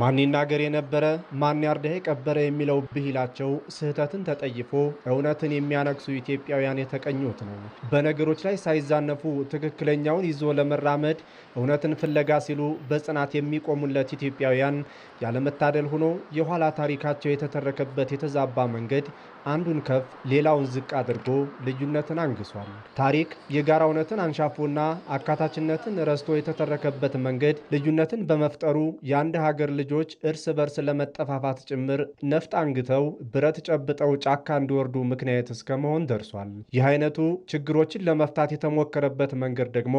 ማን ይናገር የነበረ ማን ያርደህ የቀበረ የሚለው ብሂላቸው ስህተትን ተጠይፎ እውነትን የሚያነግሱ ኢትዮጵያውያን የተቀኙት ነው። በነገሮች ላይ ሳይዛነፉ ትክክለኛውን ይዞ ለመራመድ እውነትን ፍለጋ ሲሉ በጽናት የሚቆሙለት ኢትዮጵያውያን ያለመታደል ሆኖ የኋላ ታሪካቸው የተተረከበት የተዛባ መንገድ አንዱን ከፍ ሌላውን ዝቅ አድርጎ ልዩነትን አንግሷል። ታሪክ የጋራ እውነትን አንሻፎና አካታችነትን ረስቶ የተተረከበት መንገድ ልዩነትን በመፍጠሩ የአንድ ሀገር ልጆች እርስ በርስ ለመጠፋፋት ጭምር ነፍጥ አንግተው ብረት ጨብጠው ጫካ እንዲወርዱ ምክንያት እስከ መሆን ደርሷል። ይህ አይነቱ ችግሮችን ለመፍታት የተሞከረበት መንገድ ደግሞ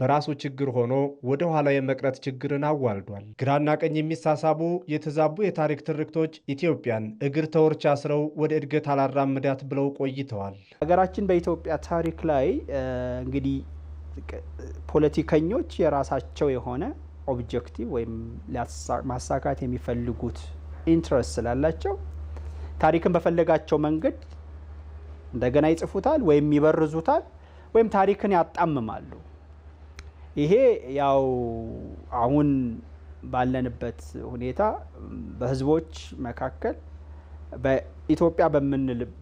በራሱ ችግር ሆኖ ወደ ኋላ የመቅረት ችግርን አዋልዷል። ግራና ቀኝ የሚሳሳቡ የተዛቡ የታሪክ ትርክቶች ኢትዮጵያን እግር ተወርች አስረው ወደ እድገት አላራምዳት ብለው ቆይተዋል። ሀገራችን በኢትዮጵያ ታሪክ ላይ እንግዲህ ፖለቲከኞች የራሳቸው የሆነ ኦብጀክቲቭ ወይም ማሳካት የሚፈልጉት ኢንትረስት ስላላቸው ታሪክን በፈለጋቸው መንገድ እንደገና ይጽፉታል ወይም ይበርዙታል ወይም ታሪክን ያጣምማሉ። ይሄ ያው አሁን ባለንበት ሁኔታ በህዝቦች መካከል በኢትዮጵያ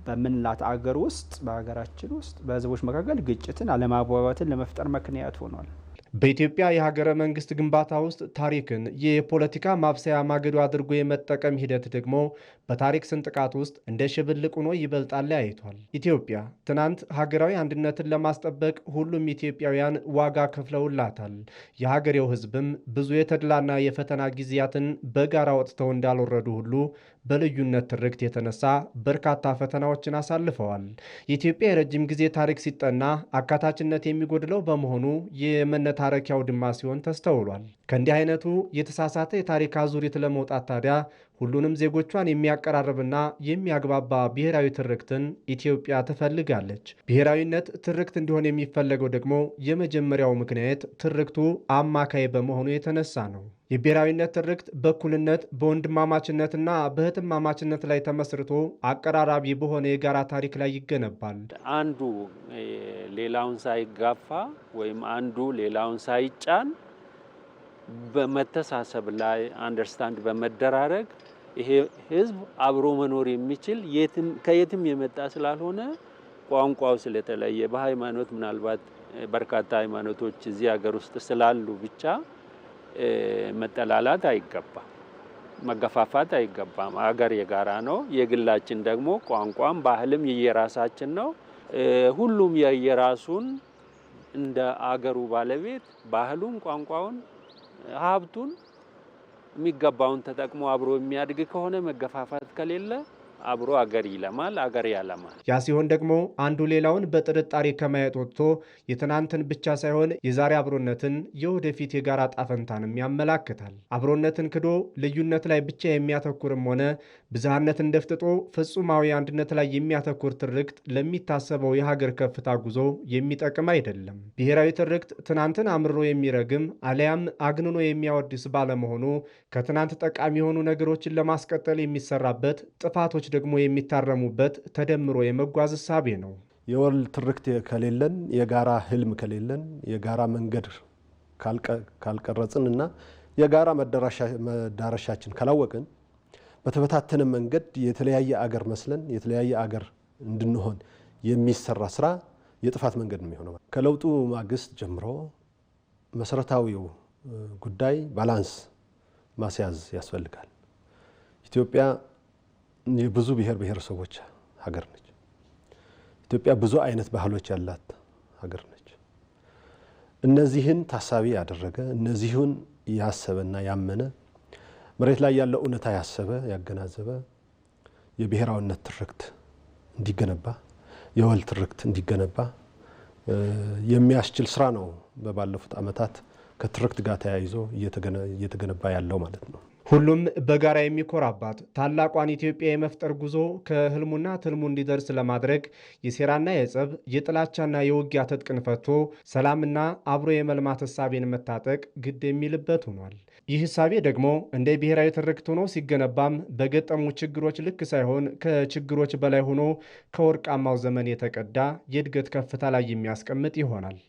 በምንላት አገር ውስጥ በሀገራችን ውስጥ በህዝቦች መካከል ግጭትን፣ አለማግባባትን ለመፍጠር ምክንያት ሆኗል። በኢትዮጵያ የሀገረ መንግስት ግንባታ ውስጥ ታሪክን የፖለቲካ ማብሰያ ማገዶ አድርጎ የመጠቀም ሂደት ደግሞ በታሪክ ስንጥቃት ውስጥ እንደ ሽብልቅ ሆኖ ይበልጣል አይቷል። ኢትዮጵያ ትናንት ሀገራዊ አንድነትን ለማስጠበቅ ሁሉም ኢትዮጵያውያን ዋጋ ከፍለውላታል። የሀገሬው ህዝብም ብዙ የተድላና የፈተና ጊዜያትን በጋራ ወጥተው እንዳልወረዱ ሁሉ በልዩነት ትርክት የተነሳ በርካታ ፈተናዎችን አሳልፈዋል። የኢትዮጵያ የረጅም ጊዜ ታሪክ ሲጠና አካታችነት የሚጎድለው በመሆኑ የመነታረኪያ አውድማ ሲሆን ተስተውሏል። ከእንዲህ አይነቱ የተሳሳተ የታሪክ አዙሪት ለመውጣት ታዲያ ሁሉንም ዜጎቿን የሚያቀራርብና የሚያግባባ ብሔራዊ ትርክትን ኢትዮጵያ ትፈልጋለች። ብሔራዊነት ትርክት እንዲሆን የሚፈለገው ደግሞ የመጀመሪያው ምክንያት ትርክቱ አማካይ በመሆኑ የተነሳ ነው። የብሔራዊነት ትርክት በእኩልነት በወንድማማችነትና በህትማማችነት ላይ ተመስርቶ አቀራራቢ በሆነ የጋራ ታሪክ ላይ ይገነባል። አንዱ ሌላውን ሳይጋፋ ወይም አንዱ ሌላውን ሳይጫን በመተሳሰብ ላይ አንደርስታንድ በመደራረግ ይሄ ህዝብ አብሮ መኖር የሚችል ከየትም የመጣ ስላልሆነ ቋንቋው ስለተለየ በሃይማኖት ምናልባት በርካታ ሃይማኖቶች እዚህ ሀገር ውስጥ ስላሉ ብቻ መጠላላት አይገባም፣ መገፋፋት አይገባም። አገር የጋራ ነው። የግላችን ደግሞ ቋንቋም ባህልም የየራሳችን ነው። ሁሉም የየራሱን እንደ አገሩ ባለቤት ባህሉን፣ ቋንቋውን፣ ሀብቱን የሚገባውን ተጠቅሞ አብሮ የሚያድግ ከሆነ መገፋፋት ከሌለ አብሮ አገር ይለማል፣ አገር ያለማል። ያ ሲሆን ደግሞ አንዱ ሌላውን በጥርጣሬ ከማየት ወጥቶ የትናንትን ብቻ ሳይሆን የዛሬ አብሮነትን የወደፊት የጋራ ጣፈንታንም ያመላክታል። አብሮነትን ክዶ ልዩነት ላይ ብቻ የሚያተኩርም ሆነ ብዝሃነትን ደፍጥጦ ፍጹማዊ አንድነት ላይ የሚያተኩር ትርክት ለሚታሰበው የሀገር ከፍታ ጉዞ የሚጠቅም አይደለም። ብሔራዊ ትርክት ትናንትን አምርሮ የሚረግም አሊያም አግንኖ የሚያወድስ ባለመሆኑ ከትናንት ጠቃሚ የሆኑ ነገሮችን ለማስቀጠል የሚሰራበት ጥፋቶች ደግሞ የሚታረሙበት ተደምሮ የመጓዝ እሳቤ ነው። የወል ትርክት ከሌለን፣ የጋራ ህልም ከሌለን፣ የጋራ መንገድ ካልቀረጽን እና የጋራ መዳረሻችን ካላወቅን በተበታተነ መንገድ የተለያየ አገር መስለን የተለያየ አገር እንድንሆን የሚሰራ ስራ የጥፋት መንገድ ነው የሚሆነው። ከለውጡ ማግስት ጀምሮ መሰረታዊው ጉዳይ ባላንስ ማስያዝ ያስፈልጋል። ኢትዮጵያ የብዙ ብሔር ብሔረሰቦች ሀገር ነች ኢትዮጵያ። ብዙ አይነት ባህሎች ያላት ሀገር ነች። እነዚህን ታሳቢ ያደረገ እነዚህን ያሰበና ያመነ መሬት ላይ ያለው እውነታ ያሰበ ያገናዘበ የብሔራዊነት ትርክት እንዲገነባ የወል ትርክት እንዲገነባ የሚያስችል ስራ ነው በባለፉት ዓመታት ከትርክት ጋር ተያይዞ እየተገነባ ያለው ማለት ነው። ሁሉም በጋራ የሚኮራባት ታላቋን ኢትዮጵያ የመፍጠር ጉዞ ከህልሙና ትልሙ እንዲደርስ ለማድረግ የሴራና የጸብ የጥላቻና የውጊያ ትጥቅን ፈቶ ሰላምና አብሮ የመልማት እሳቤን መታጠቅ ግድ የሚልበት ሆኗል። ይህ እሳቤ ደግሞ እንደ ብሔራዊ ትርክት ሆኖ ሲገነባም በገጠሙ ችግሮች ልክ ሳይሆን ከችግሮች በላይ ሆኖ ከወርቃማው ዘመን የተቀዳ የእድገት ከፍታ ላይ የሚያስቀምጥ ይሆናል።